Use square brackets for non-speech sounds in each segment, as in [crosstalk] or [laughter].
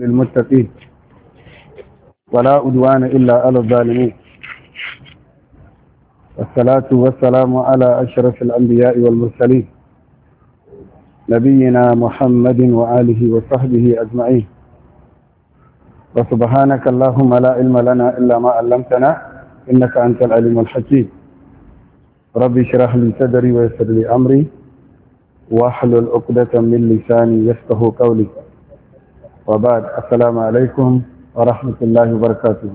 للمتقين ولا عدوان إلا على الظالمين والصلاة والسلام على أشرف الأنبياء والمرسلين نبينا محمد وآله وصحبه أجمعين وسبحانك اللهم لا علم لنا إلا ما علمتنا إنك أنت العليم الحكيم ربي اشرح لي صدري ويسر لي أمري واحلل عقدة من لساني يفقه قولي وبعد السلام عليكم ورحمة الله وبركاته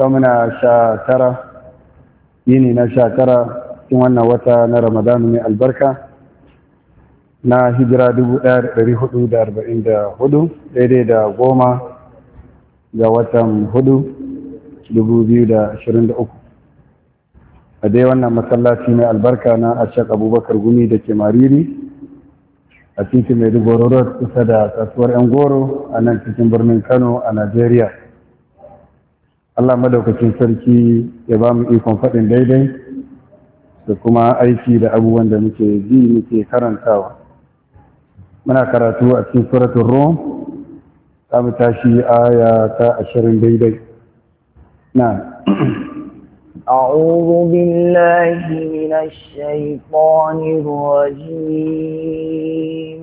يومنا شاكرة ينينا شاكرة wannan wata na ramadanu mai albarka na hijira 1444 daidai da goma ga watan 4,2023 a dai wannan masallaci mai albarka na ashek abubakar gumi da ke mariri a titin maiduguri road kusa da kasuwar yan goro a nan cikin birnin kano a najeriya allah madaukakin sarki ya ba mu ikon faɗin daidai da kuma aiki da abubuwan da muke ji muke karantawa muna karatu a cikin suratun rom za mu tashi aya ta ashirin daidai na [clears throat] أعوذ بالله من الشيطان الرجيم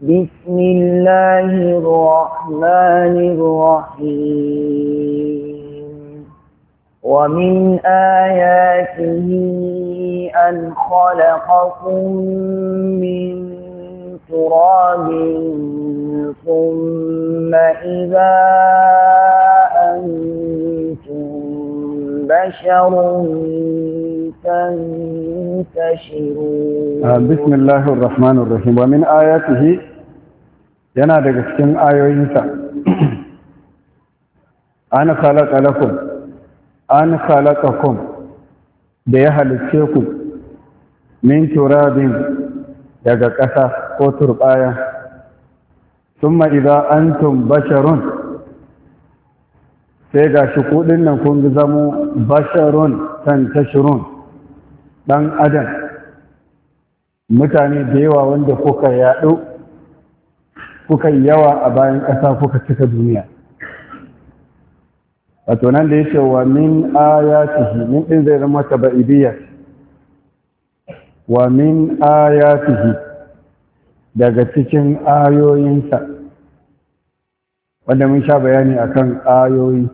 بسم الله الرحمن الرحيم ومن آياته أن خلقكم من تراب ثم إذا بشر تنتشرون بسم الله الرحمن الرحيم ومن آياته yana daga cikin ayoyinsa an khalaqa lakum an khalaqakum da ya halicce ku min turabin daga ƙasa ko turbaya summa idza antum basharun sai ga shi kudin nan kun zamo basharon kan tashirun ɗan adam mutane da yawa wanda kuka yaɗo kuka yawa a bayan ƙasa kuka cika duniya wato nan da ya ce wa min ayatihi min ɗin zai zama taba'idiyya wa min ayatihi daga cikin ayoyinsa wanda mun sha bayani akan ayoyi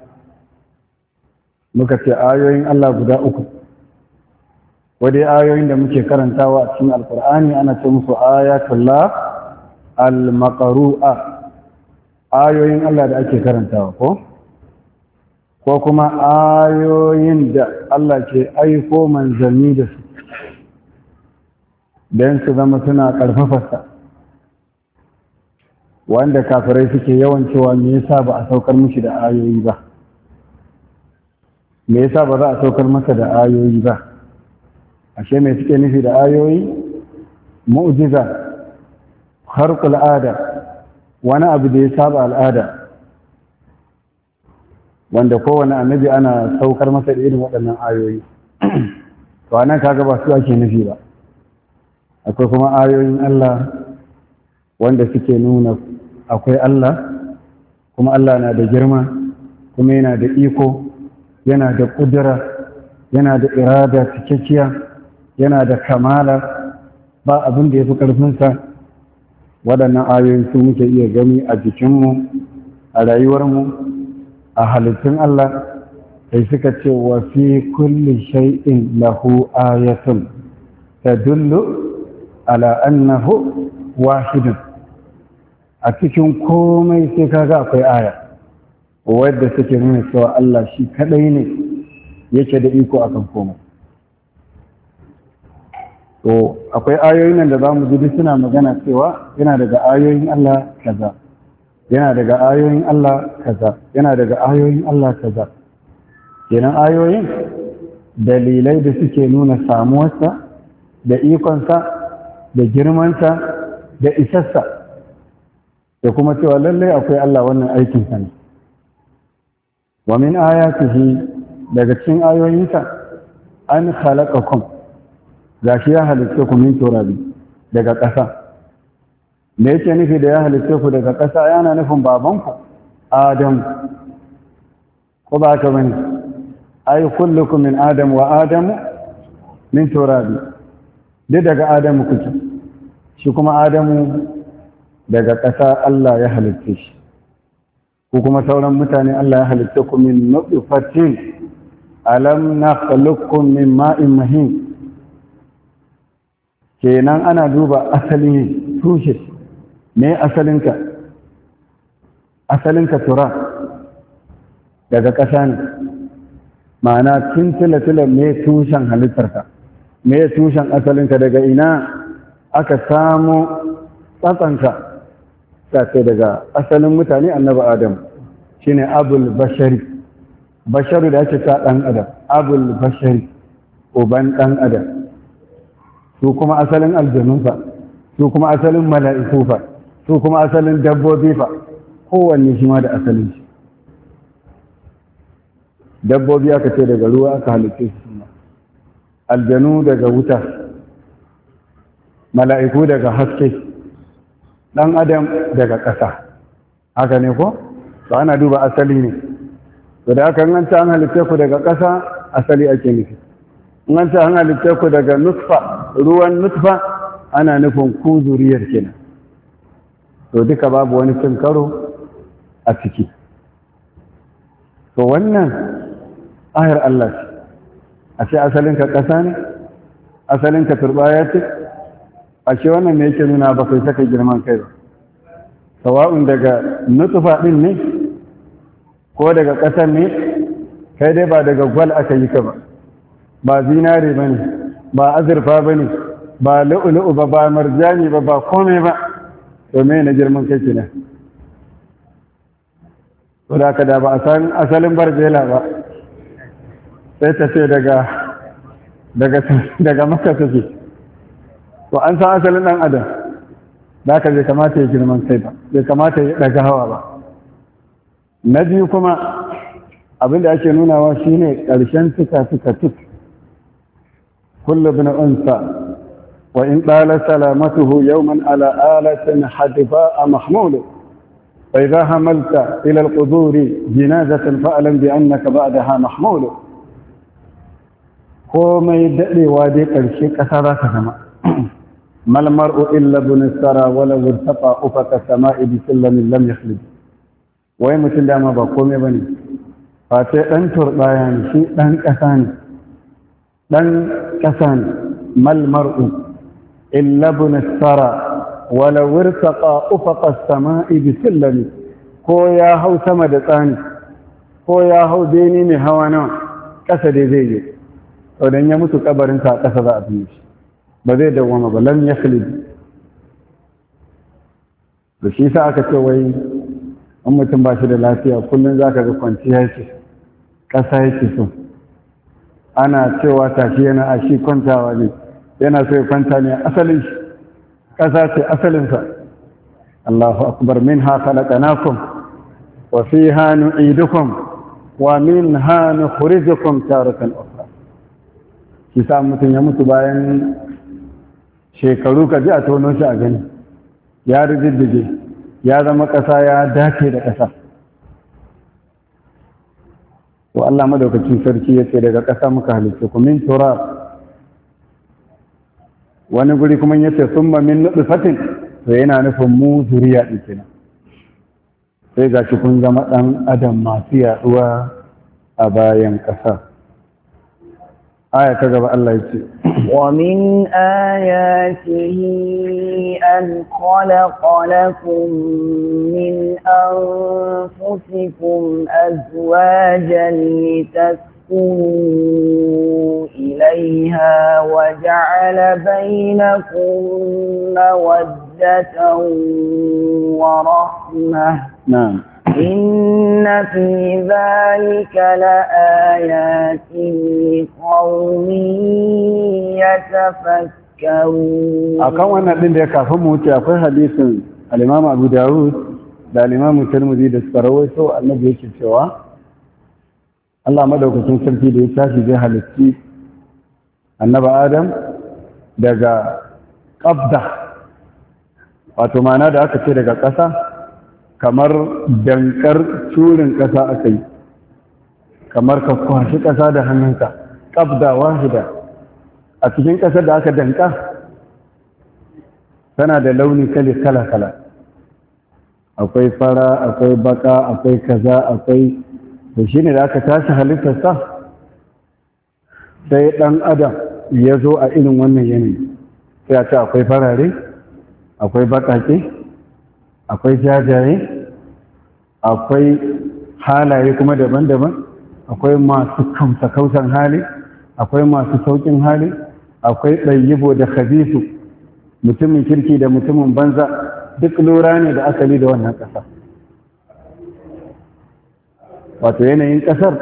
muka ce ayoyin Allah guda uku wadai ayoyin da muke karantawa a cikin alkur'ani ana ce musu ayatullah al-maqru'a ayoyin Allah da ake karantawa ko ko kuma ayoyin da Allah ke aiko manzanni da su don su zama suna sa. wanda kafirai suke yawan cewa me yasa ba a saukar miki da ayoyi ba me yasa ba za a saukar masa da ayoyi ba ashe me suke nufi da ayoyi mu'jiza harkul ada wani abu da ya saba al'ada wanda kowane annabi ana saukar masa da irin waɗannan ayoyi to anan kaga ba su ake nufi ba akwai kuma ayoyin Allah wanda suke nuna akwai Allah kuma Allah na da girma kuma yana da iko yana da ƙudura yana da irada cikakkiya yana da kamala ba abin da ya fi ƙarfinsa waɗannan ayoyi sun muke iya gani a jikinmu a rayuwarmu a halittun Allah sai suka ce wa fi kulli shay'in lahu ayatun tadullu ala annahu wahidun a cikin komai sai kaga akwai aya wadda suke nuna cewa Allah shi kadai ne yake da iko akan komai to akwai ayoyin nan da za mu gudu suna magana cewa yana daga ayoyin Allah kaza yana daga ayoyin Allah kaza yana daga ayoyin Allah kaza kenan ayoyin dalilai da suke nuna samuwarsa da ikonsa da girmansa da isassa da kuma cewa lallai akwai Allah wannan aikin sa ne wa min ayatihi daga cikin ayoyinsa an khalaqakum gashi ya halitta ku min turabi daga ƙasa me yake nufi da ya halitta ku daga ƙasa yana nufin babanku Adam ko ba ka bane ai kullukum min Adam wa Adam min turabi duk daga Adam kuke shi kuma Adamu daga ƙasa Allah ya halitta shi ko kuma sauran mutane Allah ya halitta ku min nutfatin alam na nakhluqukum min ma'in mahin kenan ana duba asalin tushe me asalinka asalinka tura daga ƙasa ne ma'ana tun tilatila me tushen halittarka me tushen asalinka daga ina aka samu tsatsanka ta ce daga asalin mutane annabi adam shine abul bashari basharu da ake ta ɗan adam abul bashari uban ɗan adam su kuma asalin aljanun fa su kuma asalin mala'iku fa su kuma asalin dabbobi fa kowanne shi ma da asalin shi dabbobi aka ce daga ruwa aka halitta su aljanu daga wuta mala'iku daga haske ɗan adam daga ƙasa haka ne ko to ana duba asali ne to da aka an an halitta ku daga ƙasa asali ake nufi an an halitta ku daga nutfa ruwan nutfa ana nufin ku zuriyar kenan to duka babu wani cin karo a ciki to wannan ayar Allah ce a ce asalinka ƙasa ne asalinka turbaya ce A ashe wannan ne yake nuna ba kai saka girman kai ba sawa'un daga nutufa din ne ko daga ƙasar ne kai dai ba daga gwal aka yi ka ba ba zinare ba ne ba azurfa ba ne ba lu'ulu'u ba ba marjani ba ba komai ba domin na girman kai kenan to da da ba a san asalin barjela ba sai ta ce daga daga daga maka to an san asalin dan adam da ka bai kamata ya girman kai ba bai kamata ya daga hawa ba na biyu kuma abin da ake nunawa shine ƙarshen tuka tuka tuk kullu bin unsa wa in ɗala salamatuhu yawman ala alatin hadifa a mahmulu فإذا هملت إلى القدور جنازة فألم بأنك بعدها محمول komai daɗewa dai ƙarshe ƙasa za ka zama ما المرء إلا بن السرى ولو ارتقى أفق السماء بسلم لم يخلد wai mutum dama ba komai ba ne ba sai ɗan turɓaya ne shi ɗan ƙasa ne ɗan ƙasa ne mal mar'u illa bin sara ko ya hau sama da tsani ko ya hau bene mai hawa nawa ƙasa dai zai yi to dan ya mutu kabarin sa ƙasa za a bi shi ba zai dawwama ba lam khalid da shi sa aka ce wai in mutum ba shi da lafiya kullum za ka ga kwanciya yake ƙasa yake so ana cewa tashi yana a shi kwantawa ne yana so ya kwanta ne asalin shi ƙasa ce asalinsa Allahu akbar min ha khalaqnakum wa fiha nu'idukum wa min ha nukhrijukum taratan ukhra kisa mutum ya mutu bayan shekaru ka ji a tono shi a gani ya rididdige ya zama ƙasa ya dace da ƙasa wa Allah madaukakin sarki ya ce daga ƙasa muka halitta ku min turab wani guri kuma ya ce summa min fatin, to yana nufin mu zuriya din sai ga shi kun zama ɗan adam masu yaɗuwa a bayan ƙasa aya ta gaba Allah ya ce ومن آياته أن خلق لكم من أنفسكم أزواجا لتسكنوا إليها وجعل بينكم مودة ورحمة نعم إن في ذلك لآيات لقوم يتفكرون أكون وانا ɗin da ya kafin mutu akwai hadisin al'imamu Abu Dawud da al'imamu Tirmidhi da suka rawaito annabi yake cewa Allah madaukakin sarki da ya tashi zai halicci. annaba Adam daga ƙabda wato ma'ana da aka ce daga ƙasa kamar dankar curin ƙasa aka yi kamar ka kwashi ƙasa da hannunka ƙabda wahida a cikin ƙasar da aka danka tana da launi kali kala-kala akwai fara akwai baka akwai kaza akwai da shi ne da aka tashi halittarsa sai ɗan adam ya zo a irin wannan yanayi sai a ce akwai farare akwai bakake akwai jajaye akwai halaye kuma daban-daban akwai masu kausan hali akwai masu saukin hali akwai ɗayyibo da khabisu mutumin kirki da mutumin banza duk lura ne da asali da wannan ƙasa wato yanayin ƙasar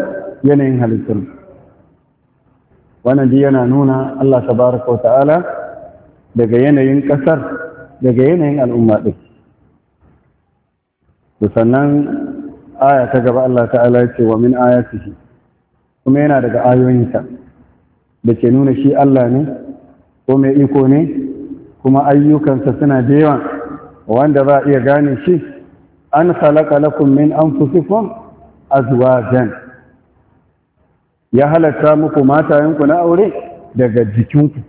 yanayin halittun wannan yana nuna Allah Ta wa ta'ala daga yanayin ƙasar daga yanayin al'umma ɗin to sannan aya ta gaba Allah ta'ala ya ce wa min ayatihi kuma yana daga ayoyinsa da ke nuna shi Allah ne ko mai iko ne kuma ayyukansa suna da yawa wanda za a iya gane shi an khalaqa lakum min anfusikum azwajan ya halatta muku matayenku na aure daga jikinku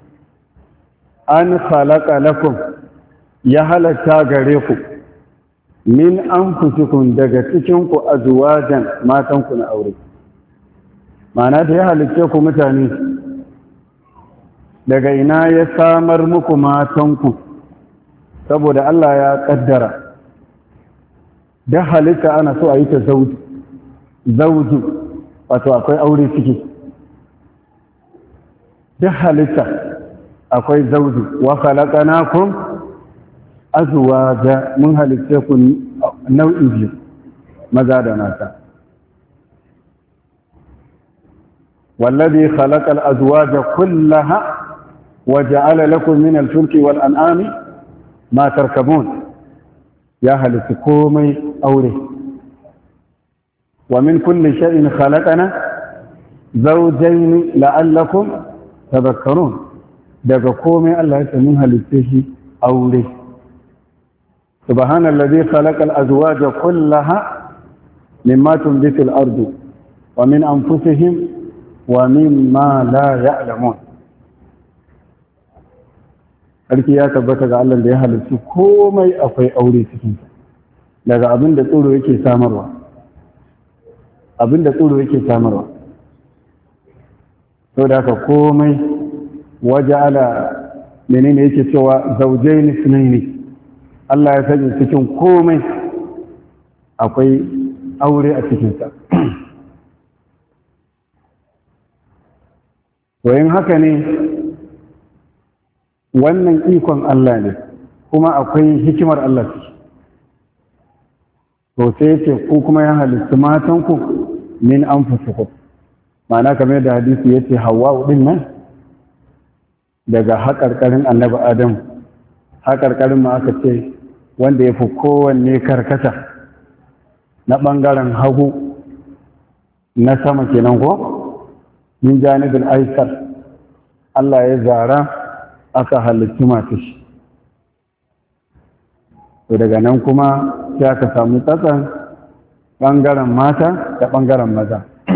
an khalaqa lakum ya halatta gare ku min an daga cikin ku azwajan matan ku na aure Mana da ya halicce ku mutane daga ina ya samar muku matan ku saboda Allah ya kaddara da halitta ana so a yi ta zauji zauji wato akwai aure ciki da halitta akwai zauji wa khalaqnakum azwaja mun halitta ku nau'i biyu maza da والذي خلق الأزواج كلها وجعل لكم من الفلك والأنعام ما تركبون يا هل تكومي أوري ومن كل شيء خلقنا زوجين لعلكم تذكرون daga komai Allah ya tsamin halitta shi سبحان الذي خلق الأزواج كلها مما تنبت الأرض ومن أنفسهم ومما لا يعلمون sarki ya tabbata ga Allah da ya halarci komai akwai aure cikin daga abin da tsoro yake samarwa abin da tsoro yake samarwa sau da haka komai waje ala menene yake cewa zaujai ni Allah ya sani cikin komai akwai aure a cikinsa in haka ne wannan ikon Allah ne kuma akwai hikimar Allah to sai yake ku kuma ya halittu matanku min anfusukum ma'ana kamar da hadisi yace hawa din nan daga haƙarƙarin annabi adam haƙarƙarin ma aka ce wanda ya fi kowanne karkata na ɓangaren hagu na sama kenan ko min janibin aisar Allah ya zara aka halittu masu shi to daga nan kuma sai aka samu tsatsan ɓangaren mata da ɓangaren maza [clears throat]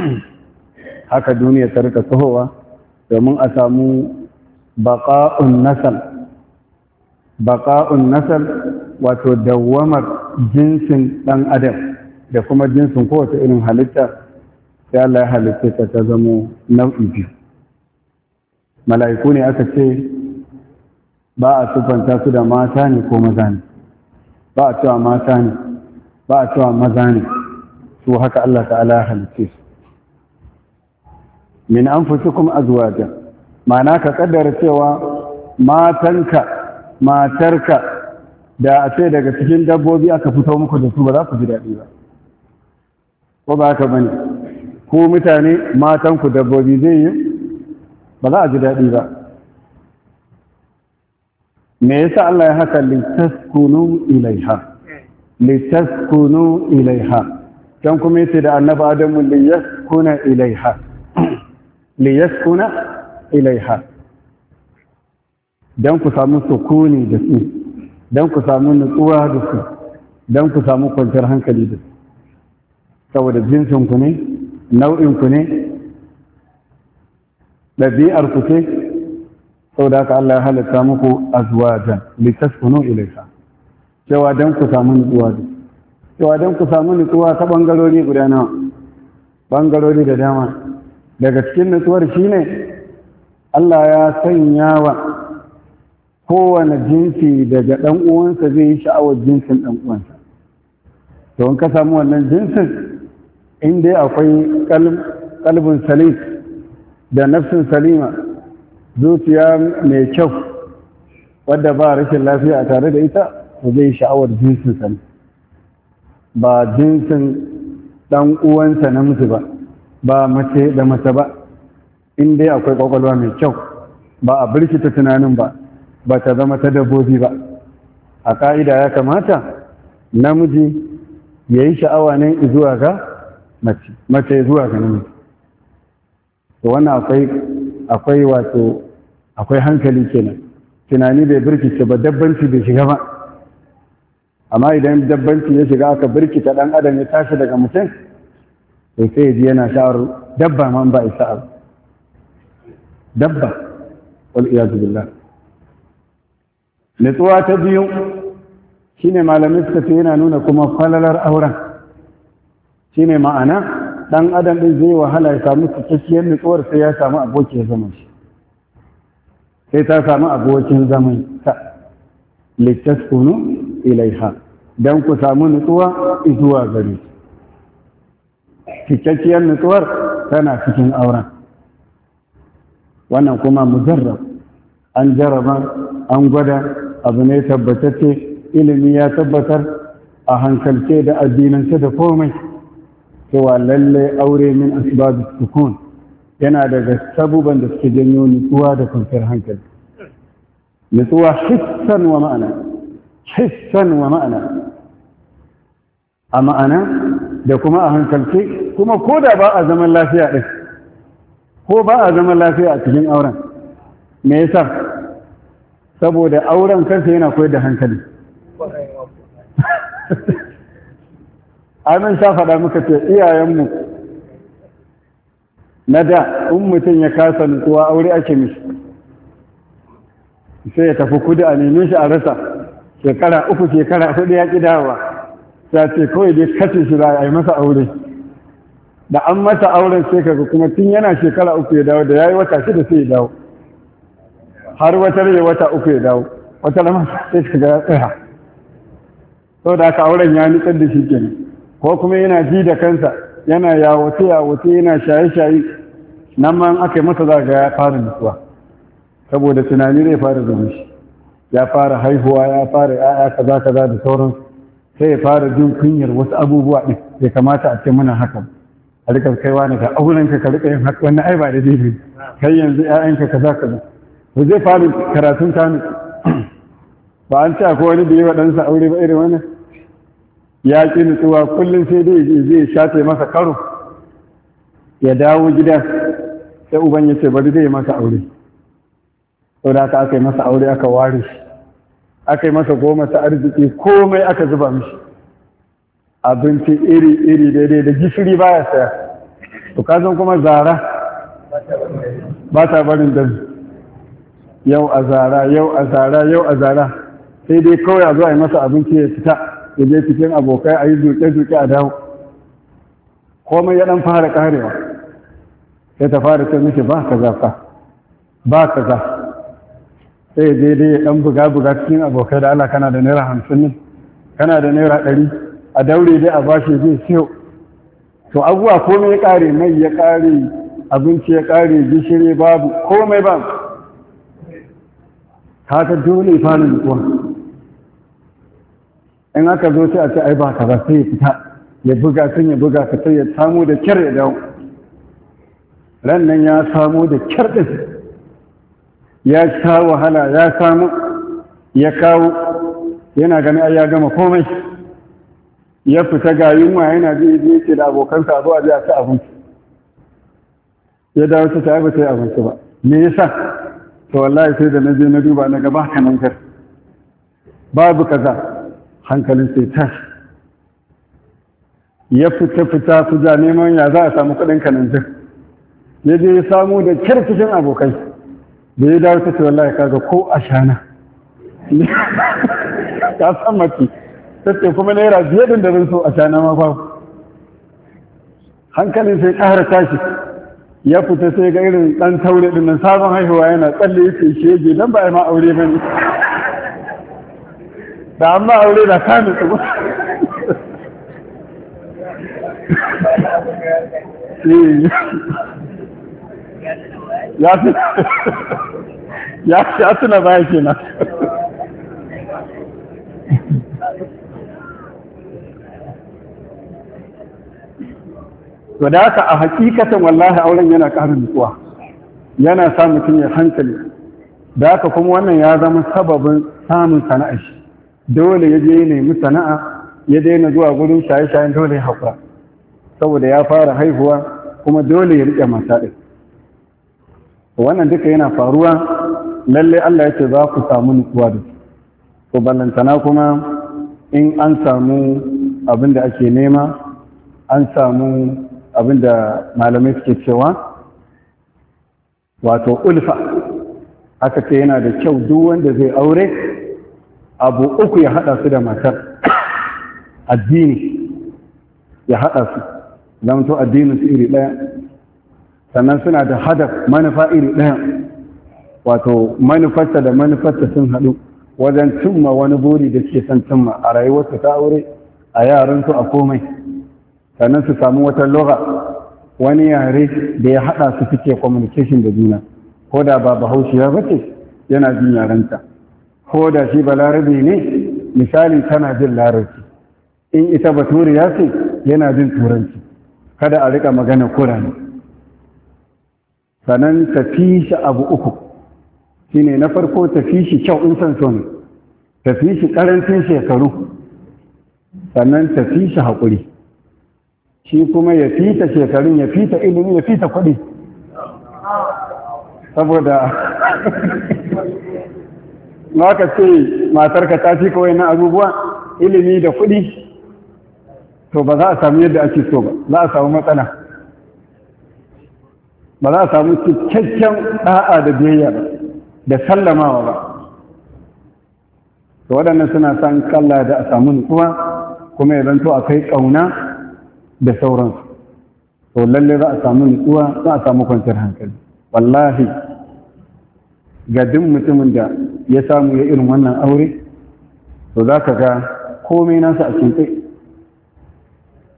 haka duniya ta rika tsohowa domin a samu baƙa'un nasal baƙa'un nasal wato dawwamar jinsin ɗan adam da kuma jinsin kowace irin halitta ya Allah ya halitta ta ta zamo nau'i biyu mala'iku ne aka ce ba a sufanta su da mata ne ko maza ne ba a cewa mata ne ba a cewa maza ne su haka Allah ta'ala ya halitta su min zuwa azwaja ma'ana ka kaddara cewa matanka matarka da a ce daga cikin dabbobi aka fito muku da su ba za ku ji daɗi ba ko ba ka bane ku mutane matan ku dabbobi zai yi ba za a ji daɗi ba me yasa Allah ya haka litaskunu ilaiha litaskunu ilaiha dan kuma yace da annabi Adamu liyaskuna ilaiha [clears throat] liyaskuna ilaiha dan ku samu sukuni da su don ku samu nutsuwa da su don ku samu kwanciyar hankali da su saboda jinsinku ne nau'inku ne ɗabi'ar ku ce saboda haka Allah ya halatta muku azwajan litaskunu ilayha cewa don ku samu nutsuwa da cewa don ku samu nutsuwa ta bangarori guda nawa bangarori da dama daga cikin nutsuwar shine Allah ya sanya wa kowane jinsi daga ɗan uwansa zai yi sha'awar jinsin ɗan uwansa to in ka samu wannan jinsin in akwai kalbin salim da nafsin salima zuciya mai kyau wadda ba rashin lafiya a tare da ita to zai yi sha'awar jinsin salim ba jinsin ɗan uwansa na mutu ba ba mace da mace ba in dai akwai kwakwalwa mai kyau ba a birkita tunanin ba ba ta zama ta dabbobi ba a ƙa'ida ya kamata namiji ya yi sha'awa ne zuwa ga mace mace zuwa ga namiji to wannan akwai akwai wato akwai hankali kenan tunani bai birkice ba dabbanci bai shiga ba amma idan dabbanci ya shiga aka birkita ɗan adam ya tashi daga mutum to sai ya ji yana sha'ar dabba man ba isa dabba wal iyadu billah nutsuwa ta biyu shi ne malamai suka ce yana nuna kuma falalar auren Shi ne ma'ana ɗan adam ɗin zai wahala ya samu cikakkiyar nutsuwar sai ya samu abokin zaman shi sai ta samu abokin zaman ta litaskunu ilaiha don ku samu nutsuwa zuwa gari. cikakkiyar nutsuwar tana cikin auren wannan kuma mujarrab an jaraba an gwada abu ne tabbatacce ilimi ya tabbatar a hankalce da addinance da komai cewa lalle aure min asbabi sukun yana daga sabuban da suke janyo nutsuwa da kwanciyar hankali nutsuwa hissan wa ma'ana hissan wa ma'ana a ma'ana da kuma a hankalce kuma ko da ba a zaman lafiya ɗin ko ba a zaman lafiya a cikin auren me yasa saboda auren kansa yana koyar da hankali amin sa faɗa muka ce iyayenmu na da in mutum ya kasa nutsuwa aure ake mishi sai ya tafi kudu a neme shi a rasa shekara uku shekara hudu ya ƙi dawa ta ce kawai dai kace shi za a yi masa aure da an masa auren sai kaga kuma tun yana shekara uku ya dawo da ya yi wata shida sai ya dawo har wata rage wata uku ya dawo wata rama sai ka ga tsaya so da aka auren ya nutsar da shi kenan ko kuma yana ji da kansa yana yawace yawace yana shaye-shaye nan ma aka yi masa za ga ya fara nutsuwa saboda tunani zai fara zama shi ya fara haihuwa ya fara ya'ya kaza kaza da sauran sai ya fara jin kunyar wasu abubuwa ɗin ya kamata a ce muna haka a rika kaiwa ne ga aurenka ka rika yin haka wannan ai ba da daidai kai yanzu 'ya'yanka kaza kaza zai faru karatun kanu ba an ce ko wani da yi waɗansa aure ba irin wani ya ƙi nutsuwa kullum sai dai zai shafe masa karo ya dawo gida sai uban ya ce bari zai masa aure sau da aka yi masa aure aka ware shi aka yi masa goma ta arziki komai aka zuba mishi abinci iri-iri daidai da gishiri baya saya to kazan kuma zara ba ta barin dami yau a zara yau a zara yau a zara sai dai kawai a zo a yi masa abinci ya fita ya je cikin abokai a yi duke-duke a dawo komai ya dan fara karewa sai ta fara ce mishi ba ka fa ba ka za sai dai dai ya dan buga-buga cikin abokai da Allah kana da naira hamsin ne kana da naira ɗari a daure dai a bashi zai siyo to abubuwa komai ya kare mai ya kare abinci ya kare gishiri babu komai babu haka dole fara mutuwa. in aka zo sai a ce ai ba ka ba sai ya fita ya buga sun ya buga ka sai ya samu da kyar ya dawo ran nan ya samu da kyar din ya sha wahala ya samu ya kawo yana gani ai ya gama komai ya fita ga yunwa yana ji ji ce da abokansa a zo a je a ci abinci ya dawo sai ta ta yi abinci ba me yasa to wallahi sai da na je na duba na gaba ka kar babu kaza hankalin sai ta ya fita fita fita neman ya za a samu kuɗin kanan ya je ya samu da kirkishin abokai da ya dawo ta ce wallahi kaga ko a shana [laughs] ta san mace ta ce kuma naira biyar da zan so a shana ma babu hankalin sai ƙara tashi ya fita sai ga irin dan taure din nan sabon haihuwa yana tsalle yake shege dan ba ma aure ba ne da amma aure da ka nutsu ba eh. [laughs] ya tuna baya kenan to da haka a hakikatan wallahi auren yana ƙara nutsuwa yana sa mutum ya hankali da haka kuma wannan ya zama sababin samun sana'a shi dole ya je ya nemi sana'a ya daina zuwa gudun shaye-shayen dole ya haƙura saboda ya fara haihuwa kuma dole ya riƙe mata ɗin wannan duka yana faruwa lallai Allah ya ce za ku samu nutsuwa da ballantana kuma in an samu abin da ake nema an samu abinda malamai suke cewa wato ulfa aka ce yana da kyau duk wanda zai aure abu uku ya hada su da matar addini ya hada su zamto addini su iri daya sannan suna da hadaf manufa iri daya wato manufarta da manufarta sun hadu wajen cimma wani buri da suke son cimma a rayuwarsu ta aure a yaransu a komai sannan su samu wata lura wani yare da ya haɗa su suke communication da juna ko da ba bahaushiya ba ce yana jin yarenta ko da shi balarabe ne misali tana jin larabci in ita baturiya ce yana jin turanci kada a rika magana kurani sannan tafi shi abu uku shine na farko tafi shi kyau in san so tafi shi karancin shekaru sannan tafi shi haƙuri shi kuma ya fita shekarun ya fita ilimi ya fita kuɗi saboda maka [laughs] ka ce matarka ta fi kawai na abubuwa ilimi da kuɗi to ba za a samu yadda ake so ba za a samu matsala ba za a samu cikakken ɗa'a da biyayya ba da sallamawa ba to waɗannan suna san kalla da a samu nutsuwa kuma ya zanto akwai ƙauna da sauransu to lalle za a samu nutsuwa za a samu kwanciyar hankali wallahi ga duk mutumin da ya samu ya irin wannan aure to za ka ga komai nasa a cikin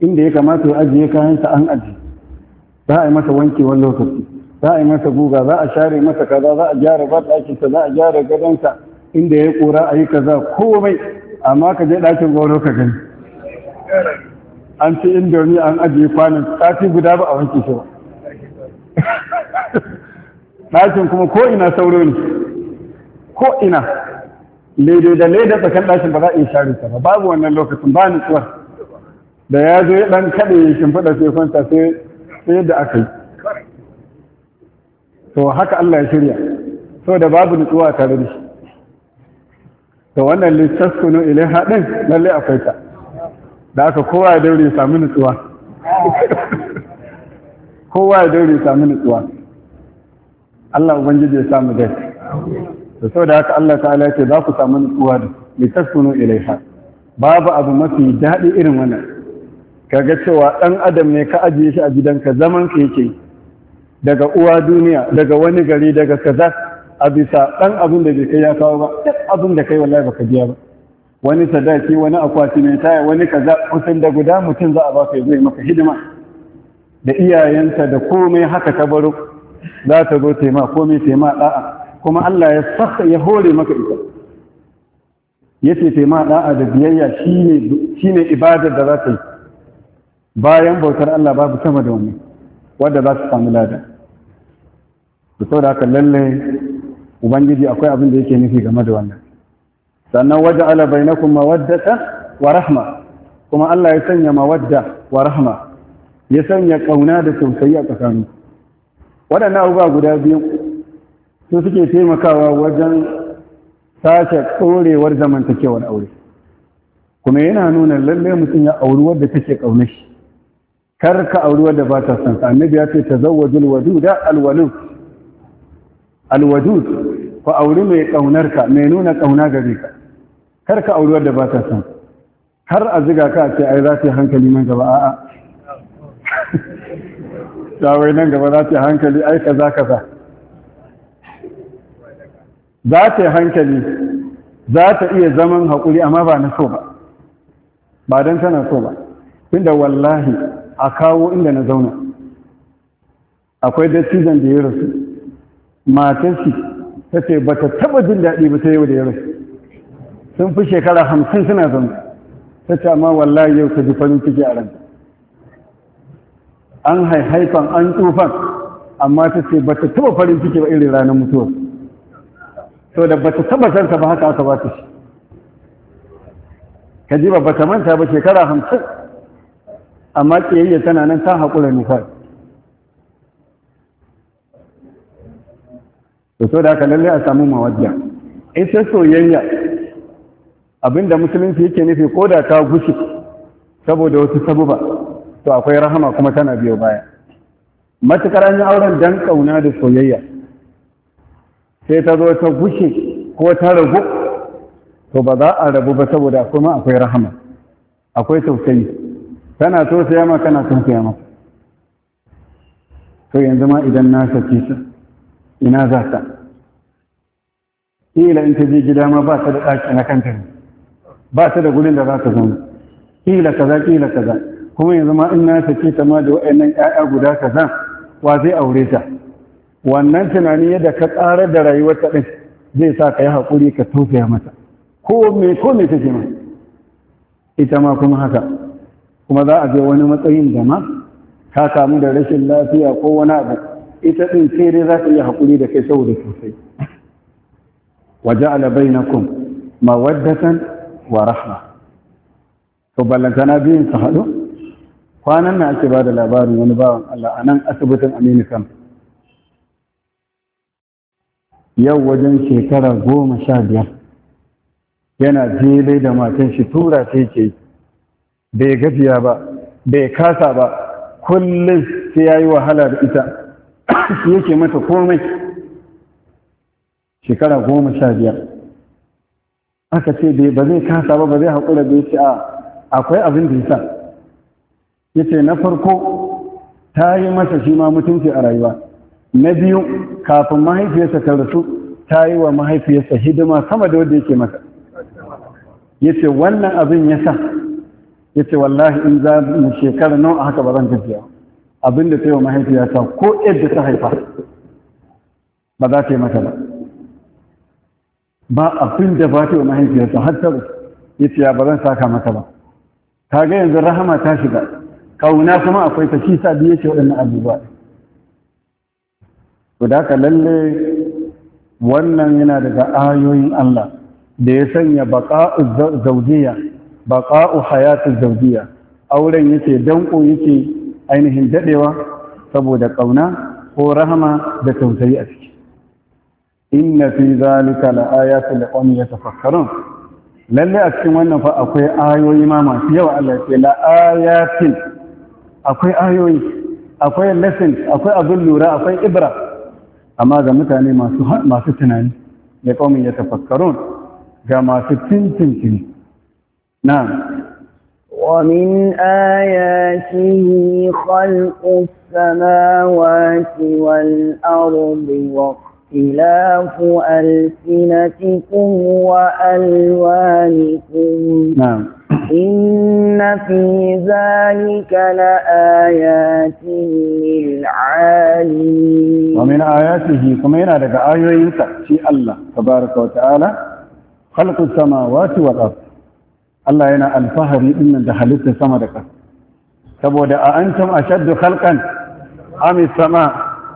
inda ya kamata ya ajiye kayansa an ajiye za a yi masa wani lokaci za a yi masa guga za a share masa kaza za a gyara ba ɗakinsa za a gyara gadonsa inda ya kora a yi kaza komai amma ka je ɗakin gwamnati ka gani an ci indomi an ajiye kwanin sati guda ba a wanke shi ba ɗakin kuma ko ina sauro ne ko ina lede da leda tsakan ɗakin ba za a iya share ta ba babu wannan lokacin ba ni nutsuwar da ya zo ya ɗan kaɗe ya shimfiɗa sai kwanta sai yadda aka yi to haka Allah ya shirya so da babu nutsuwa tare da shi to wannan littaskunu ilai haɗin lallai akwai ta da aka kowa ya daure ya sami nutsuwa kowa ya daure ya sami nutsuwa Allah ubangiji ya samu dai da saboda haka Allah ta'ala ya ce za ku samu nutsuwa da litaskunu ilaiha babu abu mafi daɗi irin wannan kaga cewa ɗan adam ne ka ajiye shi a gidanka zaman ka yake daga uwa duniya daga wani gari daga kaza a bisa ɗan abin da bai kai ya kawo ba duk abin da kai wallahi baka biya ba wani sadaki wani akwati mai taya wani kaza kusan da guda mutum za a baka yi zai maka hidima da iyayenta da komai haka ta baro za ta zo tema komai tema da'a kuma Allah ya saka ya hore maka ita yace tema da'a da biyayya shine shine ibadar da za ta yi bayan bautar Allah babu sama da wani wanda za ta samu lada da saboda haka lalle ubangiji akwai abin da yake nufi game da wannan sannan waje ala bainakum mawaddata wa rahama kuma Allah ya sanya mawadda wa rahama ya sanya kauna da tausayi a tsakani waɗannan abubuwa guda biyu su suke taimakawa wajen sace tsorewar zamantakewar aure kuma yana nuna lallai mutum ya auri wadda take ƙauna shi kar ka auri wadda ba ta san annabi ya ce tazawwajul da alwalu alwadu ku auri mai ƙaunarka mai nuna ƙauna gare ka kar ka auri wadda ba ka san har a ziga ka ce ai za ta yi hankali nan gaba a'a [laughs] wai nan gaba za ta yi hankali ai kaza kaza za ta yi hankali za ta iya zaman haƙuri amma ba na so ba ba don tana so ba inda wallahi a kawo inda na zauna akwai dattijan da ya rasu matarsi ta ce ba ta taba jin daɗi ba ta yau da ya rasu sun fi shekara hamsin suna zan ta ce amma wallahi yau ka ji farin ciki a ranta an haifan an tufan amma ta ce ba ta taba farin ciki ba irin ranar mutuwa so da ba ta taba santa ba haka aka ba ta shi ka ji ba ta manta ba shekara hamsin amma ƙiyayya tana nan ta haƙura nufar to so da haka lallai a samu mawajiya ita soyayya abinda musulunci yake nufi ko da ta gushi saboda wasu sabuba to akwai rahama kuma tana biyo baya matukar an yi auren dan kauna da soyayya sai ta zo ta gushe ko ta ragu to ba za a rabu ba saboda kuma akwai rahama akwai tausayi tana tausaya ma kana tausaya ma to yanzu ma idan na sake ta ina za ta kila in ta je gida ma ba ta da ɗaki na kanta ne ba ta da gurin da za ta zama. kila kaza kila kaza kuma yanzu ma in na sake ta ma da wayannan ƴaƴa guda kaza wa zai aure ta wannan tunani yadda ka tsara da rayuwar ta din zai sa ka yi hakuri ka tausaya mata ko me ko me ma ita ma kuma haka kuma za a je wani matsayin da ma ka kamu da rashin lafiya ko wani abu ita din sai dai za ta yi hakuri da kai saboda sosai kun. Ma waddatan. wa rahma to ballantana biyun su haɗu kwanan nan ake ba da labarin wani bawan Allah a nan asibitin Aminu kan yau wajen shekara goma sha biyar yana jele da matan shi tura sai ke bai gajiya ba bai kasa ba kullum sai ya yi wahala da ita [coughs] shi yake mata komai shekara goma sha biyar aka ce dai ba zai kasa ba ba zai haƙura da ya a akwai abin da yasa ya ce na farko ta yi masa shi ma mutunci a rayuwa na biyu kafin mahaifiyarsa ta rasu ta yi wa mahaifiyarsa hidima sama da wanda yake masa ya ce wannan abin ya sa ya ce wallahi in za mu shekara nawa haka ba zan tafiya abin da ta yi wa mahaifiyarsa ko yadda ta haifa ba za ta yi mata ba ba abin da ba ta yi mahaifiyarsa har ta ya ce ba zan saka mata ba Ta ga yanzu rahama ta shiga kauna kuma akwai ta shi sa biye ce waɗannan abubuwa Ku da ka lalle wannan yana daga ayoyin Allah da ya sanya baqa'u zawjiyya baqa'u hayatu zawjiyya auren yake danko yake ainihin dadewa saboda kauna ko rahama da tausayi a ciki inna fi zalika la'ayatin liqawmin yatafakkarun lalle a cikin wannan fa akwai ayoyi ma masu yawa Allah ya ce la'ayatin akwai ayoyi akwai lessons akwai abin lura akwai ibra amma ga mutane masu masu tunani liqawmin yatafakkarun ga masu tintintini na'am ومن آياته خلق السماوات والأرض وخلق اختلاف ألسنتكم وألوانكم نعم إن في ذلك لآيات للعالمين ومن آياته كما ينادك آية ينسى شيء الله تبارك وتعالى خلق السماوات والأرض الله ينا الفهر إن دخلت السماء دكا سبو أنتم أشد خلقا أم السماء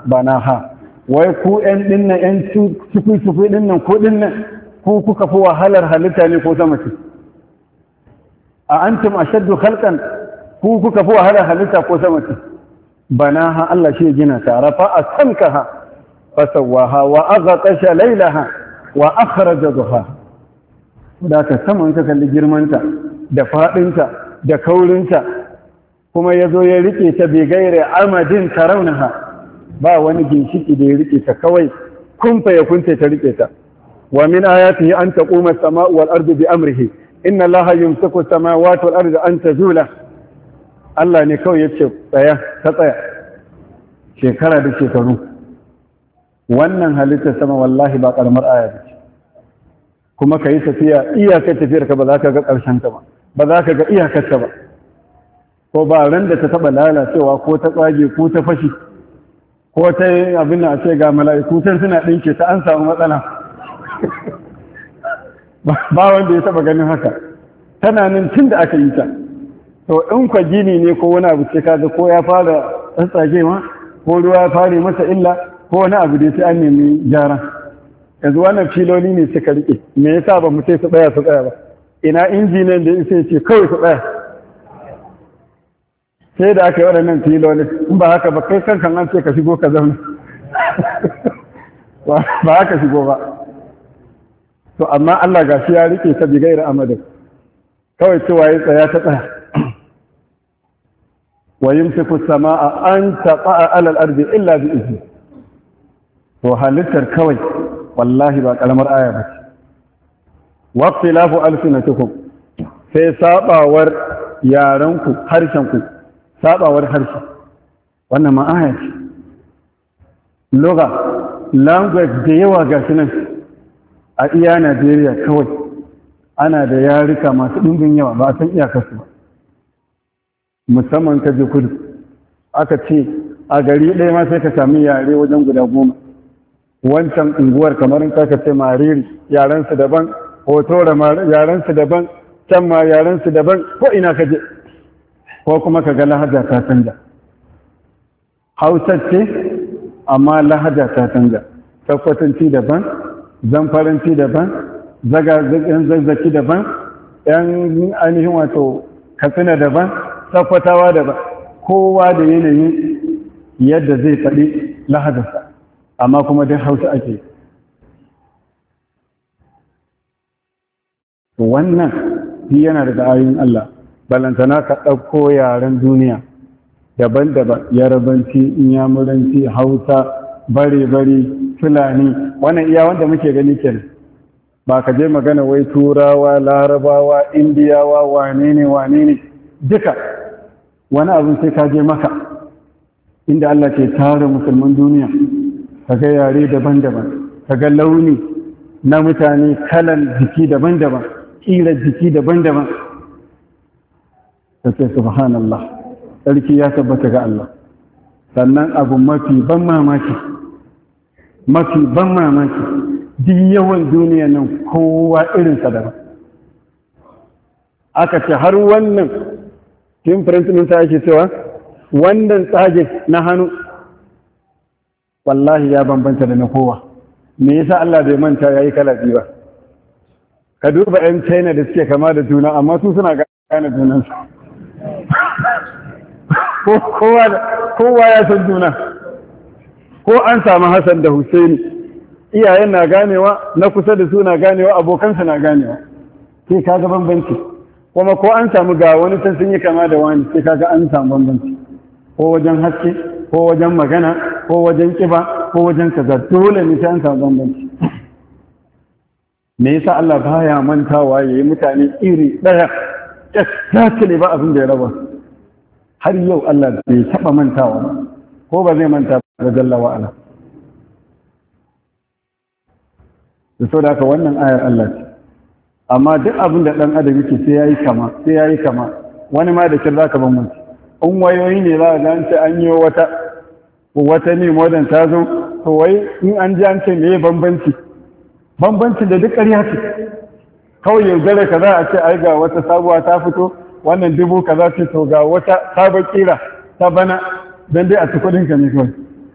بناها wai ku ɗan ɗinnan ɗan cikin ɗinnan ko ɗinnan ku kuka fi wahalar halitta ne ko sama ce a an antum ashaddu khalqan ku kuka fi wahalar halitta ko sama ce ha Allah shi gina ta rafa asankaha fasawaha wa laila ha? wa akhraja duha da ka saman ka kalli girmanta da faɗinta, da kaurinta kuma yazo ya rike ta bi gaire amadin tarawnaha ba wani ginshiki da ya rike ta kawai kunfa ya kunce ta rike ta wa min ayatihi an taquma as-sama'u wal ardu bi amrihi inna allaha yumsiku as-samawati wal arda an tazula Allah ne kawai yace tsaya ta tsaya shekara da shekaru wannan halitta sama wallahi ba karamar aya ba ce kuma yi tafiya iyakar tafiyar ka ba za ka ga ƙarshen ta ba ba za ka ga iyakar ta ba ko ba ran da ta taba lalacewa ko ta tsage ko ta fashi ko ta yi abin da ce ga mala'iku sai suna ɗinke ta an samu matsala ba wanda ya taba ganin haka tana nan tun da aka yi ta to in kwa gini ne ko wani abu ce kaza ko ya fara tsatsagewa ko ruwa ya fare masa illa ko wani abu da sai an nemi gyara yanzu wannan filoli ne suka rike me yasa ba mu sai su tsaya su tsaya ba ina injiniyan da sai ce kawai su tsaya sai da aka yi waɗannan filolin in ba haka ba kai kankan an ce ka shigo ka zauna ba haka shigo ba to amma Allah ga shi ya rike ta bi gairar Amadu kawai cewa ya tsaya ta tsaya wa sama samaa an a alal arzi illa bi izni to halittar kawai wallahi ba kalmar aya ba wa ikhtilafu alsinatikum sai sabawar yarenku harshenku sabawar harshe wannan ma'aya ce loga language da yawa ga nan a iya najeriya kawai ana da yarika masu ɗumbin yawa ba a san iyakarsu ba musamman ka je kudu aka ce a gari ɗaya ma sai ka sami yare wajen guda goma wancan unguwar kamar in ka ce mariri yarensu daban hoto da yarensu daban can ma yarensu daban ko ina ka je ko kuma ka ga lahaja ta canja hausar ce amma lahaja ta canja tabbatanci daban zanfaranci daban zan zazzaki daban yan ainihin wato katsina daban tabbatawa daban kowa da yanayi yadda zai faɗi lahajarsa amma kuma dai hausa ake wannan yana daga ayoyin Allah balantana ka ɗauko yaren duniya daban-daban yarabanci inyamuranci hausa bare-bare fulani wannan iya wanda muke gani kenan ba ka je magana wai turawa larabawa indiyawa wane ne wane ne duka wani abin sai ka je maka inda Allah ke tara musulman duniya ka ga yare daban-daban ka ga launi na mutane kalan jiki daban-daban ƙirar jiki daban-daban ta ce subhanallah sarki ya tabbata ga Allah sannan abu mafi ban mamaki mafi ban mamaki duk yawan duniya nan kowa irin sadara aka ce har wannan tim president ta yake cewa wannan tsage na hannu wallahi ya bambanta da na kowa me yasa Allah bai manta yayi kala biyu ba ka duba 'yan china da suke kama da juna amma su suna gane junansu kowa ya san juna ko an samu hassan da husaini iyayen na ganewa na kusa da su na ganewa abokansa na ganewa sai kaga bambanci kuma ko an samu ga wani can sun yi kama da wani sai kaga an samu bambanci ko wajen haske ko wajen magana ko wajen kiba ko wajen kaza dole ne sai an samu bambanci me yasa Allah baya mantawa yayi mutane iri daya ta ne ba abin da ya raba har yau Allah bai taɓa mantawa ba ko ba zai manta ba jalla wa'ala da sau da haka wannan ayar Allah ce amma duk abin da ɗan adam yake sai ya yi kama sai ya yi kama wani ma da kir za ka bambanci in wayoyi ne za a ga an ce an yi wata wata ne modern ta zo to wai in an ji an ce me bambanci bambancin da duk ƙarya ce kawai yaudare ka za a ce ai ga wata sabuwa ta fito wannan dubu ka za ce to ga wata sabon kira ta bana don dai a ci kudin ka ne kawai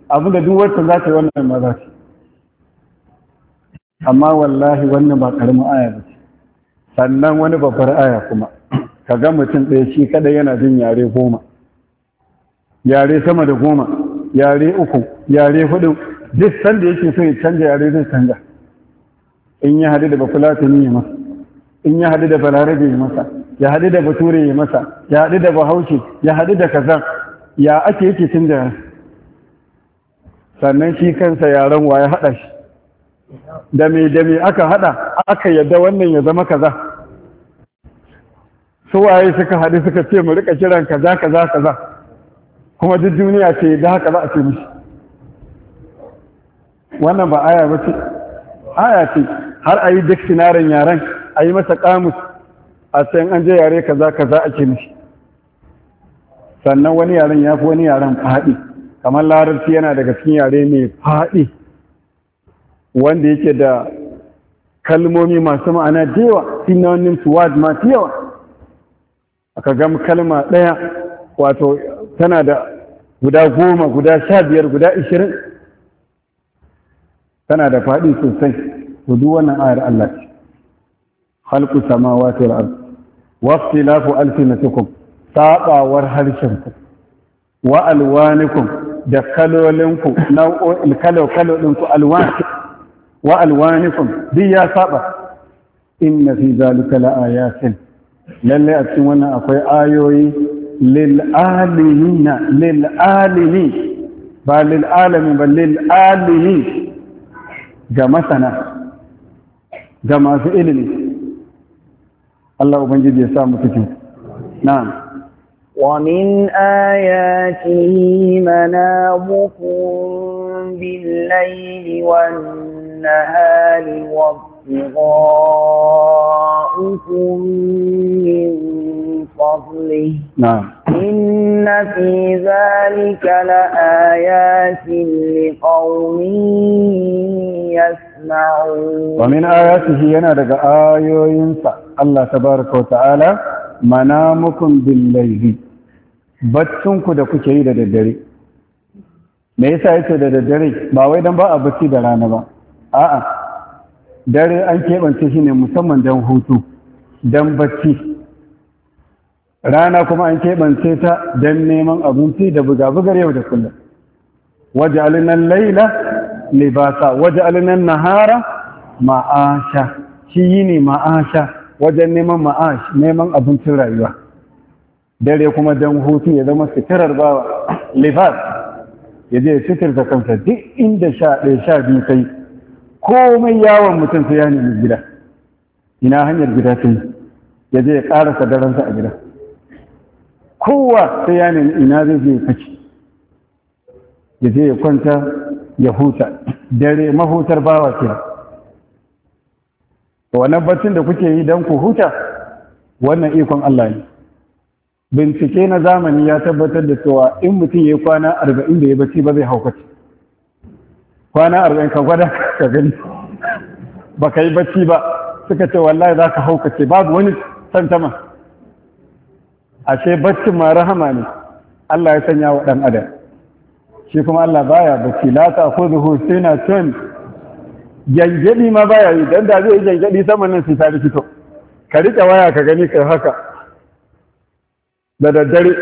abin da duk wata za ta yi wannan ma za ta amma wallahi wannan ba karamin aya ba ce sannan wani babbar aya kuma ka ga mutum ɗaya shi kaɗai yana jin yare goma yare sama da goma yare uku yare hudu duk sanda yake so ya canja yare zai canja in ya haɗu da bafulatani ya masa in ya haɗu da balarabe ya masa ya haɗu da bature ya masa ya haɗu da bahaushe ya haɗu da kaza ya ake yake tun da sannan shi kansa yaren wa ya haɗa shi da me da me aka haɗa aka yadda wannan ya zama kaza su waye suka haɗu suka ce mu rika kiran kaza kaza kaza kuma duk duniya ce da haka za a ce mishi wannan ba aya ba ce aya ce har a yi duk sinarin yaren a yi masa ƙamus a sayan an je yare kaza kaza ake mishi sannan wani yaren ya fi wani yaren faɗi kamar larabci yana daga cikin yare mai faɗi wanda yake da kalmomi masu ma'ana da yawa synonyms suwad masu yawa aka gam kalma ɗaya wato tana da guda goma guda sha biyar guda ishirin tana da faɗi sosai to duk wannan ayar Allah ce halku samawati wal ard wa ikhtilafu alsinatikum sabawar harshenku wa alwanikum da kalolinku nau'o'il kalo kalo dinku alwan wa alwanikum duk ya saba inna fi zalika la ayatin lalle a cikin wannan akwai ayoyi lil alimina ba lil ba ga masana ga masu ilimi Allah Ubangiji ya sa mu cikin. Na'am. Wa min ayati manamukum bil-laili wan-nahari wa ضاءكم من فضله نعم. إن في ذلك لآيات لقوم يسمعون wa min ayatihi yana daga ayoyinsa Allah tabaraka wa ta'ala manamukum bil layli da kuke yi da daddare me yasa yace da daddare ba wai dan ba a bacci da rana ba a'a dare an keɓance shi ne musamman dan hutu dan bacci rana kuma an keɓance ta don neman abinci da buga-bugar yau da kullum waje alinan laila libasa waje alinan nahara ma'asha shi yi ne ma'asha wajen neman ma'ash neman abincin rayuwa dare kuma don hutu ya zama sitirar bawa libas ya je sitir da kansa duk inda sha ɗaya sha biyu kai komai yawon mutum sai ya nemi gida ina hanyar gida yi? ya je ya ƙara sadaransa a gida kowa sai ya nemi ina zai je ya kaci ya je ya kwanta ya huta dare mahutar bawa ke wannan baccin da kuke yi don ku huta wannan ikon Allah ne bincike na zamani ya tabbatar da cewa in mutum ya yi kwana arba'in da ya bacci ba zai haukaci kwana arba'in ka gwada ka gani ba ka yi bacci ba suka ce wallahi za ka haukace babu wani tantama ashe baccin ma rahama ne Allah ya sanya wa ɗan adam shi kuma Allah baya bacci la ta khudhu sinatun gangadi ma baya yi don da zai gangadi saman nan sai ta rikito ka rike waya ka gani kai haka da daddare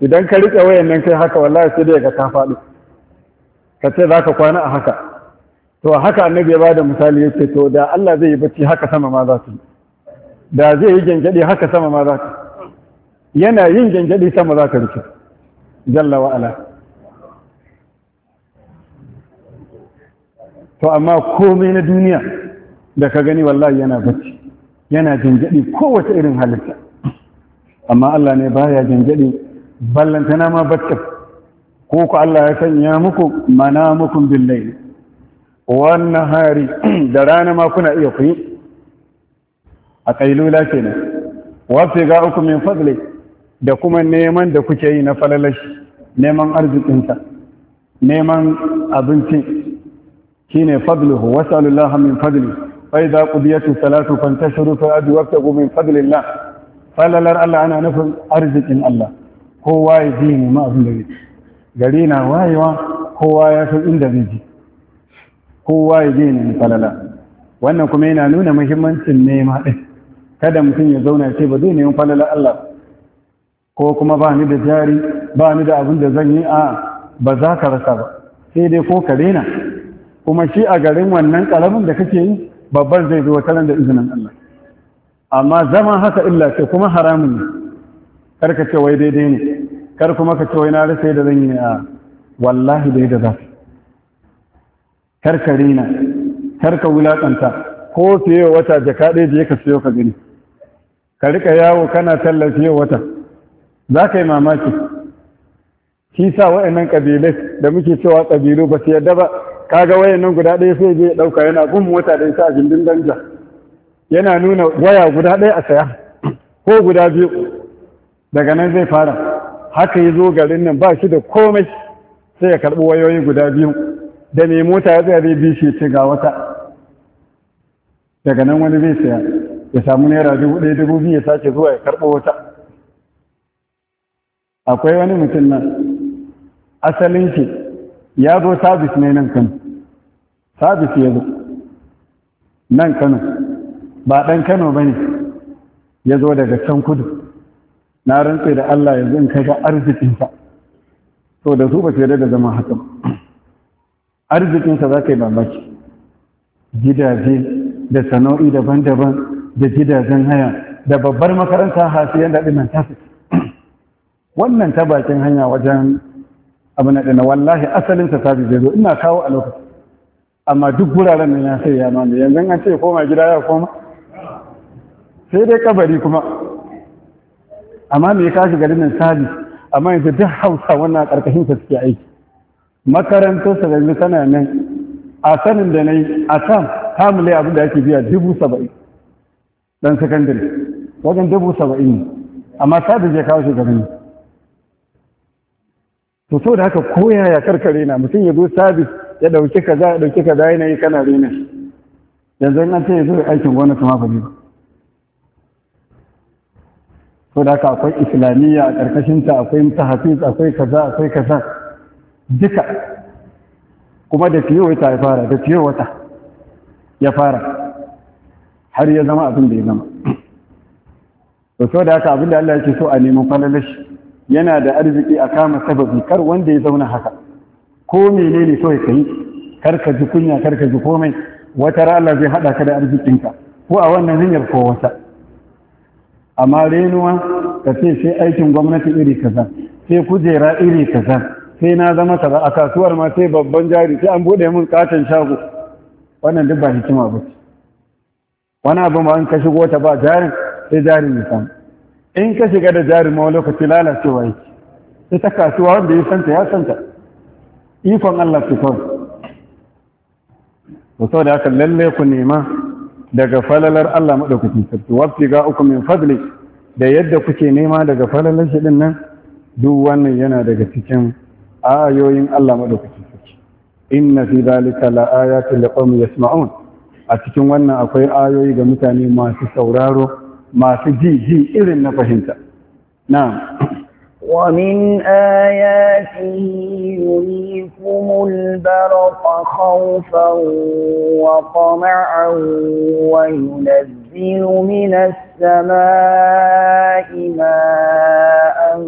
idan ka rike wayan nan kai haka wallahi sai dai ga ta faɗi ka ce za ka kwana a haka to haka annabi ya bada misali yace to da Allah zai yi bacci haka sama ma za su yi da zai yi gangadi haka sama ma za ta yana yin gangadi sama za ka rikito jalla wa'ala to amma komai na duniya da ka gani wallahi yana bacci yana jangaɗi kowace irin halitta amma Allah ne baya jangaɗi ballantana ma bacci ko ku Allah ya sanya muku mana mukun billahi wannan hari [clears throat] da rana ma kuna iya kuyi a kailula kenan wasu ga uku min da kuma neman da kuke yi na falalashi neman arzikinta neman abinci shine fadluhu wasallallahu min fadli fa idza qudiyatu salatu fantashiru fil ardi wabtagu min fadlillah falalar Allah ana nufin arzikin Allah kowa ya ji ne ma abin da yake gari na wayewa kowa ya san inda zai ji kowa ya je ne falala wannan kuma yana nuna muhimmancin nema din kada mutum ya zauna ce ba zai neman falala Allah ko kuma ba ni da jari ba ni da abin da zan yi a ba za ka rasa ba sai dai ko ka daina kuma shi a garin wannan karamin da kake yi babban zai zo wata da izinin Allah amma zama haka illa ce kuma haramun ne kar ka ce wai daidai ne kar kuma ka ce wai na rasa da zan yi a wallahi dai da za kar ka rena kar ka wulakanta ko siyo wata jaka ɗaya je ka siyo ka gani ka rika yawo kana tallafi wata za ka yi mamaki shi sa wa'annan ƙabilai da muke cewa ƙabilu ba su yadda ba kaga nan guda ɗaya sai je ɗauka yana gun mota da isa a gindin danja yana nuna waya guda ɗaya a saya ko guda biyu daga nan zai fara haka ya zo garin nan ba shi da komai sai ya karɓi wayoyi guda biyu da mai mota ya tsaya zai bi shi ce ga wata daga nan wani zai saya ya samu naira dubu ɗaya dubu biyu ya sake zuwa ya karɓo wata akwai wani mutum nan asalin shi ya zo sabis ne nan kano sabis ya zo nan kano ba ɗan kano ba ne ya zo daga can kudu na rantse da Allah ya in kaga arzikinsa to da su ba su da zama haka arzikinsa za ka yi babaki gidaje da sana'o'i daban-daban da gidajen haya da babbar makaranta hasiyan da ɗinan tafi wannan ta bakin hanya wajen abu na ɗana wallahi asalin ta sabi zai zo ina kawo a lokaci amma duk guraren nan ya sai ya nuna yanzu an ce koma gida ya koma sai dai kabari kuma amma me ka shiga nan sabi amma yanzu duk hausa wannan karkashin sa suke aiki makarantar sa yanzu tana nan a sanin da na yi a kan hamile abin da ake biya dubu saba'in dan sakandare wajen dubu saba'in amma sabi zai kawo shi garin to so da haka koya ya karkare na mutum ya zo sabis ya dauki kaza ya dauki kaza yana yi kana rena yanzu an ce ya zo aikin gona kuma ba ba so da haka akwai islamiyya a karkashin ta akwai tahafiz akwai kaza akwai kaza duka kuma da fiye wata ya fara da fiye wata ya fara har ya zama abin da ya zama to so da haka abin da Allah yake so a neman falalashi yana da arziki a kama sababi kar wanda ya zauna haka ko menene kawai kai kar ka ji kunya karka ji komai wata rana zai haɗa ka da arzikinka ko a wannan hanyar ko wata amma renuwa ka ce sai aikin gwamnati iri kaza sai kujera iri kaza sai na zama kaza a kasuwar ma sai babban jari sai an buɗe mun katon shago wannan duk ba hikima ba wani abu ma an ka shigo ta ba jarin sai jarin ya samu in ka shiga da wani lokaci lalacewa yake ta kasuwa wanda ya santa ya santa ikon Allah su kawai to sau da aka lalle ku nema daga falalar Allah maɗaukaki sarki wafi ga uku min fadli da yadda kuke nema daga falalar shi nan duk wannan yana daga cikin ayoyin Allah maɗaukacin sarki inna fi zalika la ayatin liqaumin yasma'un a cikin wannan akwai ayoyi ga mutane masu sauraro masu ji ji irin na fahimta na'am ومن آياته يريكم البرق خوفا وطمعا وينزل من السماء ماء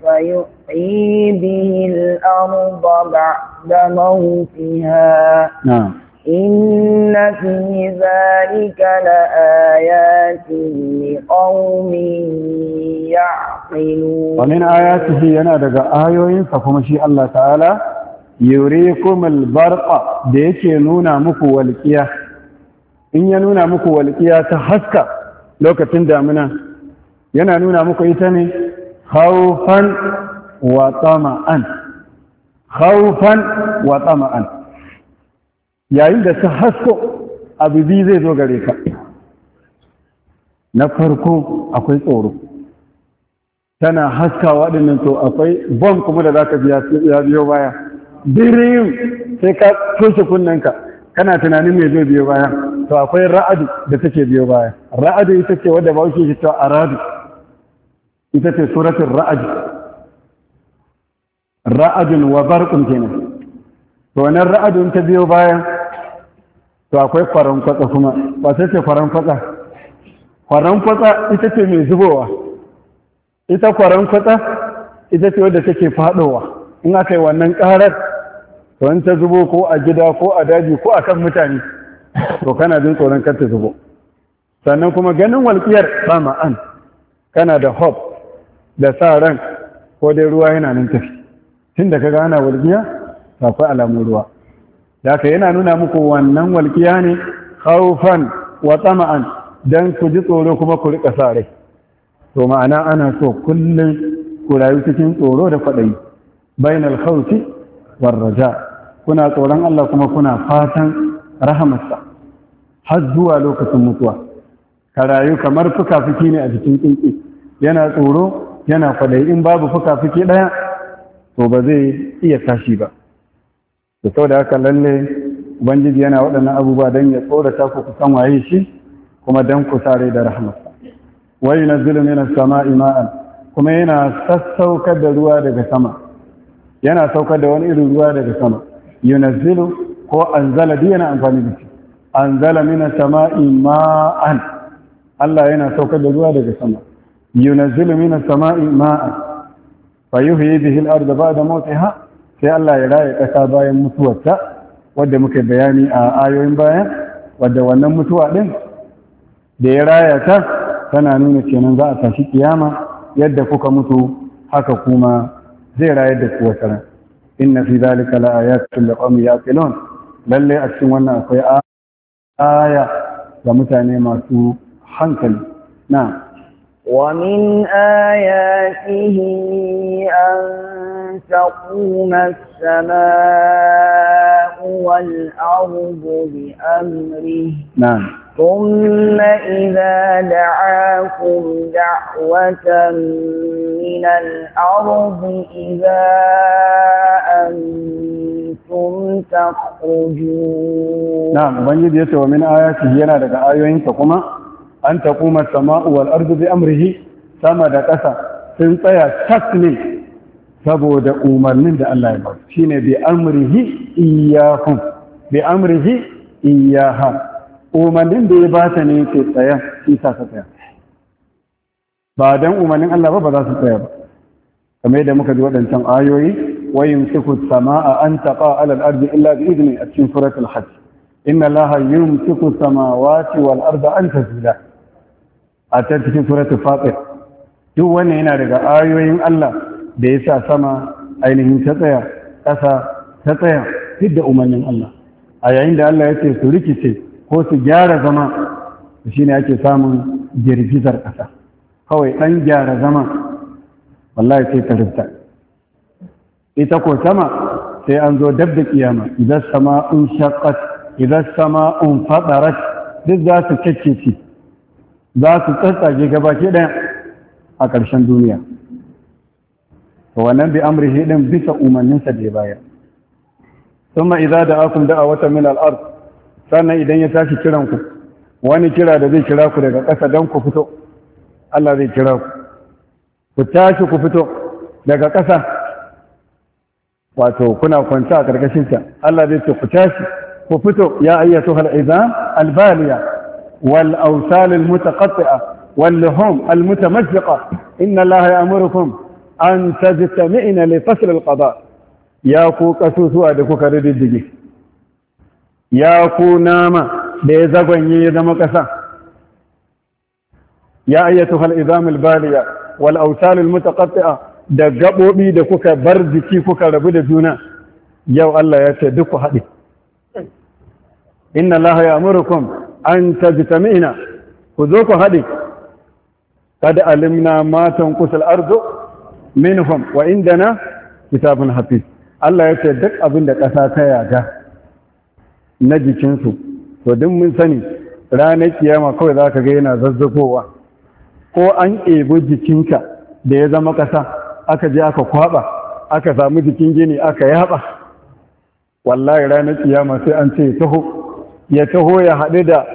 فيحيي به الأرض بعد موتها نعم إن في ذلك لآيات لقوم يعقلون ومن آياته ينادق آيوين فكما شيء الله تعالى يريكم البرق ديك ينونا مكو والكيا إن ينونا مكو والكيا تحسك لو كتندا منا ينا نونا مكو إتني خوفا وطمعا خوفا وطمعا yayin da su hasko abu biyu zai zo gare ka na farko akwai tsoro tana haskawa waɗannan to akwai bom kuma da za ka biya biyo baya birin sai ka toshe kunnenka kana tunanin mai zai biyo baya to akwai ra'adu da take biyo baya ra'adu ita ce wadda ba shi ta aradu ita ce suratun ra'adu ra'adun wa barqun kenan to wannan ra'adun ta biyo baya to akwai faran kwatsa kuma ba sai ce faran kwatsa faran kwatsa ita ce mai zubowa ita faran kwatsa ita ce wadda take fadowa in aka yi wannan karar to in ta zubo ko a gida ko a daji ko a kan mutane to kana jin tsoron kar ta zubo sannan kuma ganin walƙiyar sama'an kana da hop da sa ran ko dai ruwa yana nan tafi tun da ka gana walƙiya akwai alamun ruwa da yana nuna muku wannan walƙiya ne haufan wa tsama'an dan ku ji tsoro kuma ku rika sa rai to ma'ana ana so kullum ku rayu cikin tsoro da kwaɗayi bainal khawfi warraja. kuna tsoron Allah kuma kuna fatan rahamarsa har zuwa lokacin mutuwa ka rayu kamar fuka fiki ne a jikin tsuntsu yana tsoro yana kwaɗayi in babu fuka fiki ɗaya to ba zai iya tashi ba da sau da haka lalle ubangiji yana waɗannan abubuwa don ya tsorata ku san waye shi kuma don ku sare da rahmatsa Wani na zulmi na sama ima'an kuma yana sassaukar da ruwa daga sama yana saukar da wani irin ruwa daga sama yunazzilu ko anzala duk yana amfani da shi anzala mina sama'i ma'an Allah yana saukar da ruwa daga sama yunazzilu mina sama'i ma'an fa yuhyi bihi al-ardha ba'da mawtiha sai Allah ya raya ƙasa bayan mutuwarta wadda muka bayani a ayoyin bayan, wadda wannan mutuwa ɗin da ya raya ta tana nuna kenan za a tashi kiyama yadda kuka mutu haka kuma zai rayar da ku In inna fi zalika la da li ya filon lalle a cikin wannan akwai aya ga mutane masu hankali na. ومن آياته أن تقوم السماء والأرض بأمره نعم ثم إذا دعاكم دعوة من الأرض إذا أنتم تخرجون نعم بنجد يتوى من آياته ينا لك آيوين تقوم an taquma as-sama'u wal ardu bi amrihi sama da ƙasa sun tsaya tas ne saboda umarnin da Allah ya ba ne bi amrihi iyakun, bi amrihi iyaha. umarnin da ya ba ta ne ke tsaya shi sa ka tsaya ba don umarnin Allah ba ba za su tsaya ba kamar yadda muka ji waɗancan ayoyi wa yumsiku as-samaa'a an taɓa alal arzi illa bi izini a cikin suratul hajj inna allaha yumsiku as-samawati wal arda an tazila a can cikin suratul fatir duk wannan yana daga ayoyin Allah da ya sa sama ainihin ta tsaya ƙasa ta tsaya duk da umarnin Allah a yayin da Allah ya ce su rikice ko su gyara zama shi shine ake samun girgizar ƙasa kawai ɗan gyara zama wallahi sai ta rufta ita ko sama sai an zo dab da kiyama idan sama un shaqqat idan sama un fadarat duk za su kekeci za su tsatsage gabaki ɗaya a ƙarshen duniya to wannan bi shi ɗin bisa umarninsa da ya bayar thumma idza a da'awata min al sannan idan ya tashi kiran ku wani kira da zai kira ku daga ƙasa don ku fito Allah zai kira ku ku tashi ku fito daga ƙasa wato kuna kwanta a ƙarƙashin Allah zai ce ku tashi ku fito ya ayyatu hal albaliya والأوثال المتقطعة واللهم المتمزقة إن الله يأمركم أن تجتمعن لفصل القضاء ياكو كسوسوا دكو كردي يا ياكو ناما ليزغن يزم كسا يا أيتها الإذام البالية والأوثال المتقطعة دقبوا بي دكو كبرد كي كو كربد دونا يا الله يتدكو حدي إن الله يأمركم an tajtamina ku zo ku haɗe kada alimna matan kusur arzo minhum wa indana kitabun hafiz Allah ya ce duk abin da ƙasa ta yaga na jikinsu to duk mun sani ranar kiyama kawai za ka ga yana zazzagowa ko an ebi jikinka da ya zama ƙasa aka je aka kwaba aka samu jikin gini aka yaba wallahi ranar kiyama sai an ce taho ya taho ya haɗu da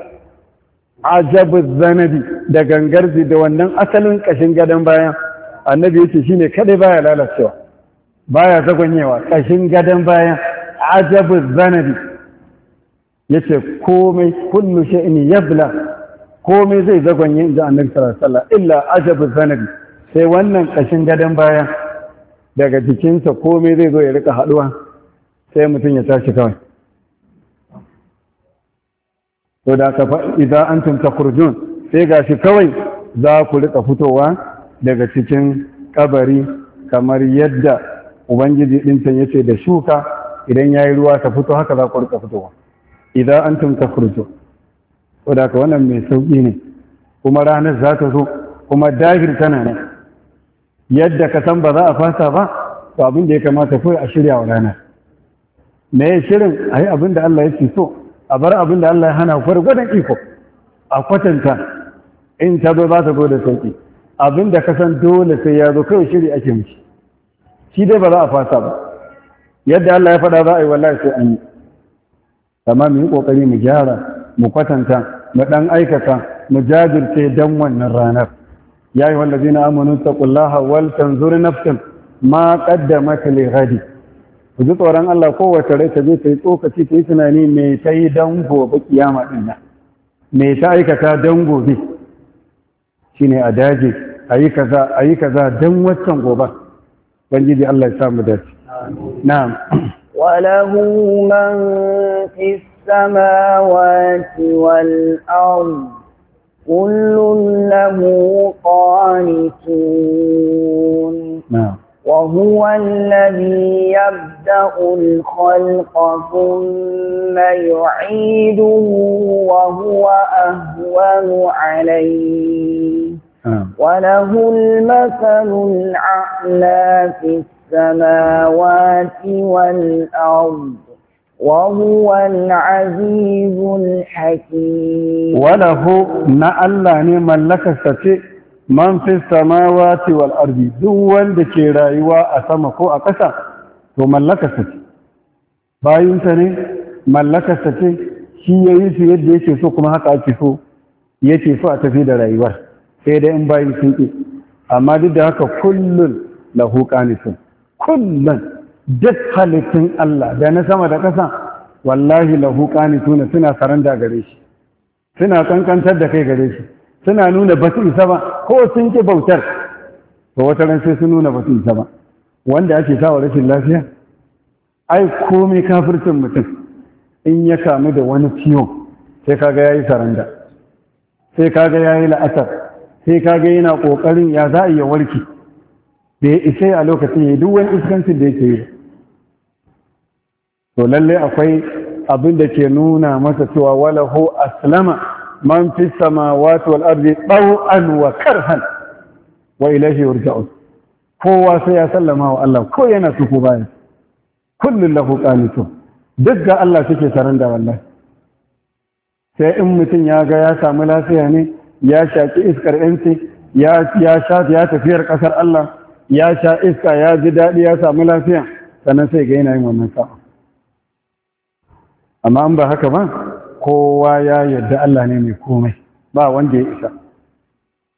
ajabu zanabi da gangarzi da wannan asalin ƙashin gadon bayan annabi yake shi ne kaɗai baya lalacewa baya zagonyewa ƙashin gadon bayan ajabu zanabi ce komai kullu ya yabla komai zai zagonye inji annabi sarasala illa ajabu zanabi sai wannan ƙashin gadon bayan daga jikinsa komai zai zo ya rika haɗuwa sai mutum ya tashi kawai to da ka fa idan antum kurjun sai ga shi kawai za ku rika fitowa daga cikin kabari kamar yadda ubangiji din can ce da shuka idan ya yi ruwa ta fito haka za ku rika fitowa idan antum takurjun to da ka wannan mai sauƙi ne kuma ranar za ta zo kuma dahir tana nan yadda ka san ba za a fasa ba to abin da ya kamata kawai a shirya wa ranar me shirin a yi abin da Allah yake so a bar abin da Allah ya hana gwargwadon iko a kwatanta in ta zo ba ta zo da sauki abin da ka san dole sai ya zo kawai shiri ake miki shi dai ba za a fasa ba yadda Allah ya faɗa za a yi wallahi sai an yi amma mu yi kokari mu gyara mu kwatanta mu ɗan aikata mu jajirce dan wannan ranar ya yi na amanu taqullaha wal tanzur nafsan ma qaddamat li ghadi ku ji tsoron Allah kowace rai ta je ta yi tsokaci ta yi tunani me ta yi don gobe kiyama din nan me ta aikata don gobe shine a daji a yi kaza a yi kaza don waccan gobe ubangiji Allah ya samu dace na'am [clears throat] وله من في السماوات والأرض كل له قانتون نعم وهو الذي يبدأ الخلق ثم يعيده وهو أهون عليه آه. وله المثل الأعلى في السماوات والأرض وهو العزيز الحكيم وله ما ألا نعم لك ستئ man fi samawati wal ardi duk wanda ke rayuwa a sama ko a ƙasa to mallaka sa ce bayinsa ne mallaka ce shi yayi su yadda yake so kuma haka ake so yake so a tafi da rayuwar sai dai in bayin sun ƙi amma duk da haka kullun lahu qanitun kullun duk halittun Allah da na sama da ƙasa wallahi lahu qanituna suna saranda gare shi suna kankantar da kai gare shi suna nuna ba isa ba ko sun ki bautar to wata ran sai sun nuna ba isa ba wanda ake sawa rashin lafiya ai komai kafircin mutum in ya kamu da wani ciwo sai kaga yayi saranda sai kaga yayi la'asar sai kaga yana kokarin ya za a iya warki da ya isa a lokacin ya duk wani iskancin da yake yi to lallai akwai abin da ke nuna masa cewa walahu aslama man fi samawati wal ardi taw'an wa karhan wa ilayhi yurja'un kowa sai ya sallama wa Allah ko yana su ko baya kullun lahu qanitun duk ga Allah suke da wallahi sai in mutum ya ga ya samu lafiya ne ya shaki iskar yanci ya ya sha ya tafiyar kasar Allah ya sha iska ya ji daɗi ya samu lafiya sannan sai ga yana yin wannan sa'a amma an ba haka ba kowa ya yarda Allah ne mai komai ba wanda ya isa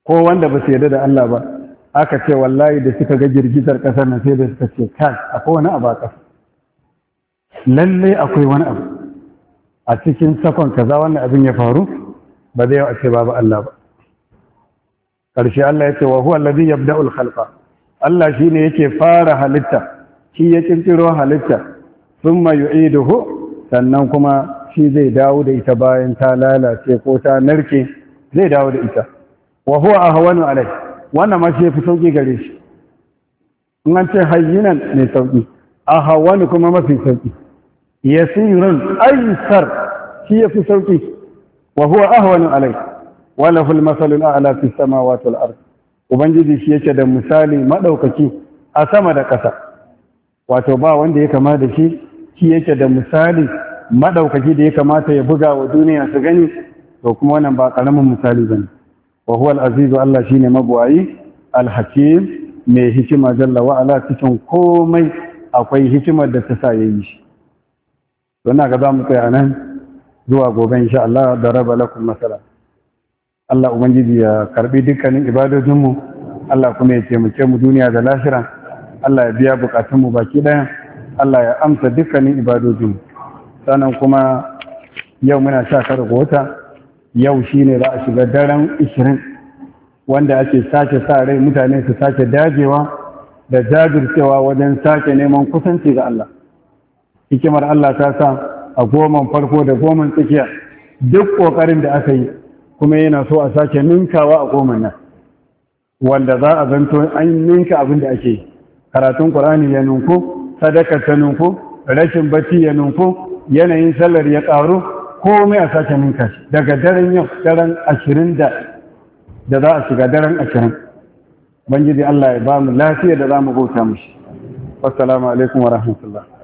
ko wanda ba su yarda da Allah ba aka ce wallahi da suka ga girgizar ƙasar nan sai da suka ce kai akwai wani abu a ƙasa lallai akwai wani abu a cikin sakon kaza wannan abin ya faru ba zai a ce babu Allah ba ƙarshe Allah ya ce wa huwa allazi yabda'ul khalqa Allah shine yake fara halitta shi ya kirkiro halitta thumma yu'iduhu sannan kuma shi zai dawo da ita bayan ta lalace ko ta narke zai dawo da ita wa huwa ahwanu alai wannan ma shi yafi sauki gare shi in an ce hayyinan mai sauki ahwanu kuma mafi sauki yasirun aisar shi yafi sauki wa huwa ahwanu alai wa lahu al-masalu al-a'la fi samawati wal ard ubangiji shi yake da misali madaukaki a sama da ƙasa wato ba wanda ya kama da shi shi yake da misali madaukaki da ya kamata ya buga wa duniya su gani to kuma wannan ba karamin misali bane wa huwa al-aziz Allah shine mabwayi al-hakim mai hikima jalla wa ala cikin komai akwai hikimar da ta sa ya shi to ina ga zamu tsaya nan zuwa gobe insha Allah da raba lakum masala Allah ubangiji ya karbi dukkanin ibadojin mu Allah kuma ya taimake mu duniya da lahira Allah ya biya bukatun mu baki ɗaya. Allah ya amsa dukkanin ibadojin sannan kuma yau muna sha kar wata yau shine za a shiga daren 20 wanda ake sake sa rai mutane su sake dajewa da jajircewa wajen sake neman kusanci ga Allah hikimar Allah ta sa a goman farko da goman tsakiya duk ƙoƙarin da aka yi kuma yana so a sake ninkawa a goman nan wanda za a zanto an ninka abin da ake karatun ƙur'ani ya ninku sadaka ta ninku rashin bacci ya ninku yanayin sallar ya ƙaru komai a sake ninka daga daren yau daren ashirin da da za a shiga daren ashirin ubangiji Allah ya ba mu lafiya da za mu bauta mushi assalamu alaikum wa rahmatullah